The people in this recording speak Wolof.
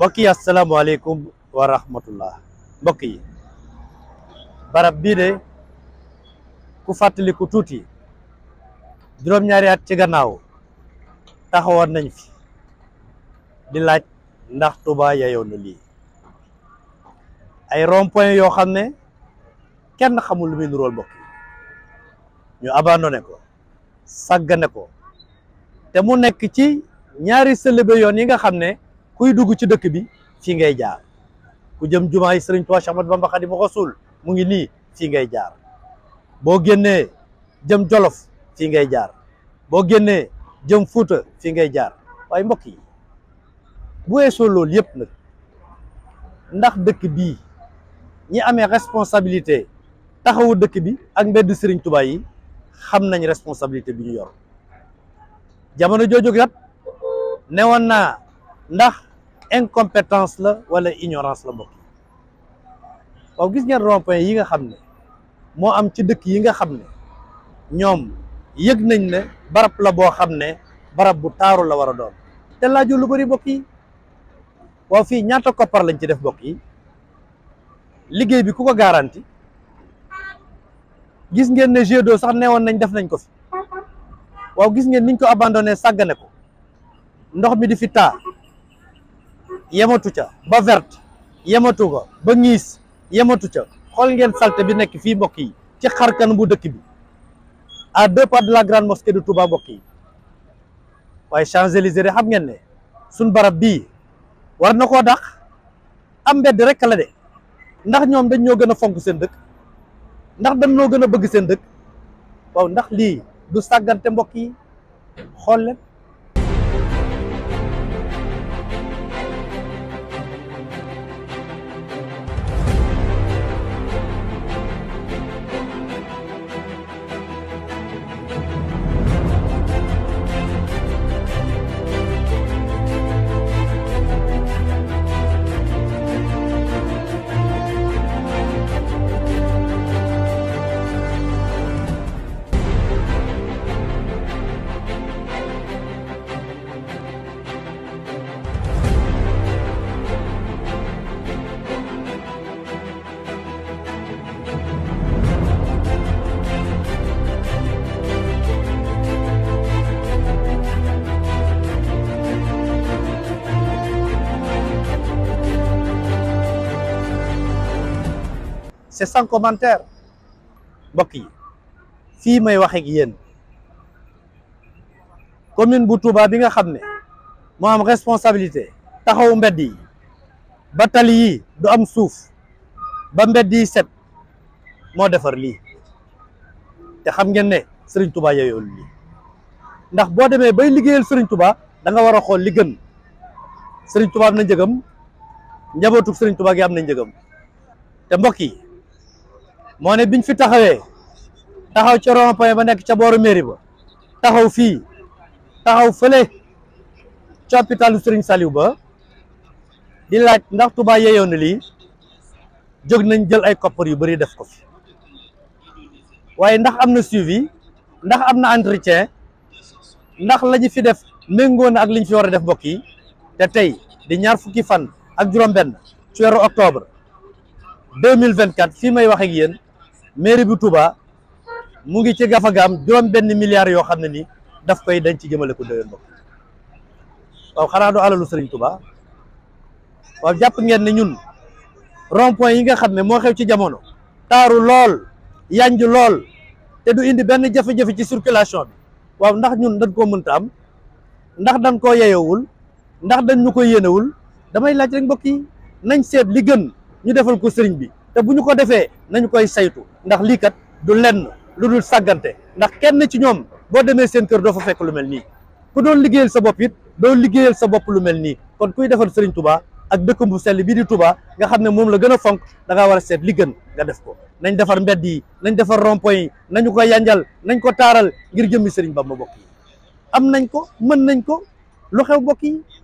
mbokk yi asalaamaaleykum wa rahmatullah mbokk yi barab bii de ku fàttaliku tuuti juróom-ñaari at ci gannaaw taxawoon nañ fi di laaj ndax Touba yeyoo na ay rond-point yoo xam ne kenn xamul lu muy nuróol mbokk yi ñu abandonné ko sàggane ko te mu nekk ci ñaari sëlëbe yoon yi nga xam ne kuy dugg ci dëkk bi fii ngay jaar ku jëm jumaa yi Sëriñ Tuubaa Séex Ahmadu Bamba Xaadimu Rasuul mu ngi nii fii ngay jaar boo génnee jëm Jolof fii ngay jaar boo génnee jëm Fuuta fi ngay jaar waaye mbokk yi bu weesoo loolu yëpp nag ndax dëkk bi ñi amee responsabilité taxawu dëkk bi ak mbedd Sëriñ tubaa yi xam nañ responsabilité bi ñu yor jamono jooju kat ndax incompétence la wala ignorance la bokk waaw gis ngeen rond yi nga xam ne moo am ci dëkk yi nga xam ne ñoom yëg nañ ne barab la boo xam ne barab bu taaru la war a doon te laaju lu bari bokk yi waaw fii ñaata koppar lañ ci def bokk yi liggéey bi ku ko garanti gis ngeen ne GDO sax neewoon nañ def nañ ko fi waaw gis ngeen niñ ko abandonné sàggane ko ndox mi di fi taa yematu ca ba verte yematu ko ba ñiis yematu ca xool ngeen salte bi nekk fii mbokk yi ci xarkan bu dëkk bi a deux pas de la grande mosquée de Touba mbokk yi waaye Champs-Élysées de xam ngeen ne suñ barab bii war na ko dax am mbedd rek la de ndax ñoom dañ ñoo gën a fonk seen dëkk ndax da ñoo gën a bëgg seen dëkk waaw ndax lii du saggante mbokk yi xool leen c'est sans commentaire mbokk yi fii may wax ak yéen commune bu Touba bi nga xam ne moo am responsabilité taxaw mbedd yi ba tali yi du am suuf ba mbedd yi set moo defar lii te xam ngeen ne Serigne Touba yooyu lii ndax boo demee bay liggéeyal Serigne Touba da nga war a xool li gën Serigne Touba am na njëgam njabootu Serigne Touba gi am na njëgam te mbokk yi moo ne biñ fi taxawee taxaw ca point ba nekk ca booru mairie ba taxaw fii taxaw fële ca hôpitalu Serigne Saliou ba di laaj ndax Touba yeeyoo na lii jóg nañ jël ay koppar yu bëri def ko fi waaye ndax am na suivi ndax am na entretien ndax lañu fi def méngoo na ak liñ fi war a def mbokk yi te tey di ñaar fukki fan ak juróom-benn ci weeru octobre deux mille vingt-quatre fii may wax ak mairie bu Touba mu ngi ci am juróom benn milliards yoo xam ne ni daf koy dañ ci jëmale ko déwén bopp waaw xanaa du alalu sëriñ Touba waaw jàpp ngeen ne ñun rond yi nga xam ne moo xew ci jamono taaru lool yanj lool te du indi benn jafe-jafe ci circulation bi waaw ndax ñun dañ koo mënta am ndax dañ koo yeyewul ndax dañ ñu ko yéenewul damay laaj rek mbokk yi nañ seet li gën ñu defal ko sëriñ bi te bu ñu ko defee nañu koy saytu ndax lii kat du lenn lu dul saggante ndax kenn ci ñoom boo demee seen kër doo fa fekk lu mel nii ku doon liggéeyal sa bopp it doo liggéeyal sa bopp lu mel nii kon kuy defar Serigne Touba ak dëkk bu sell bii di tubaa nga xam ne moom la gën a fonk da war a seet li gën nga def ko nañ defar mbedd yi nañ defar rond yi nañu ko yanjal nañ ko taaral ngir jëmmi Serigne Bamba mbokk yi am nañ ko mën nañ ko lu xew mbokk yi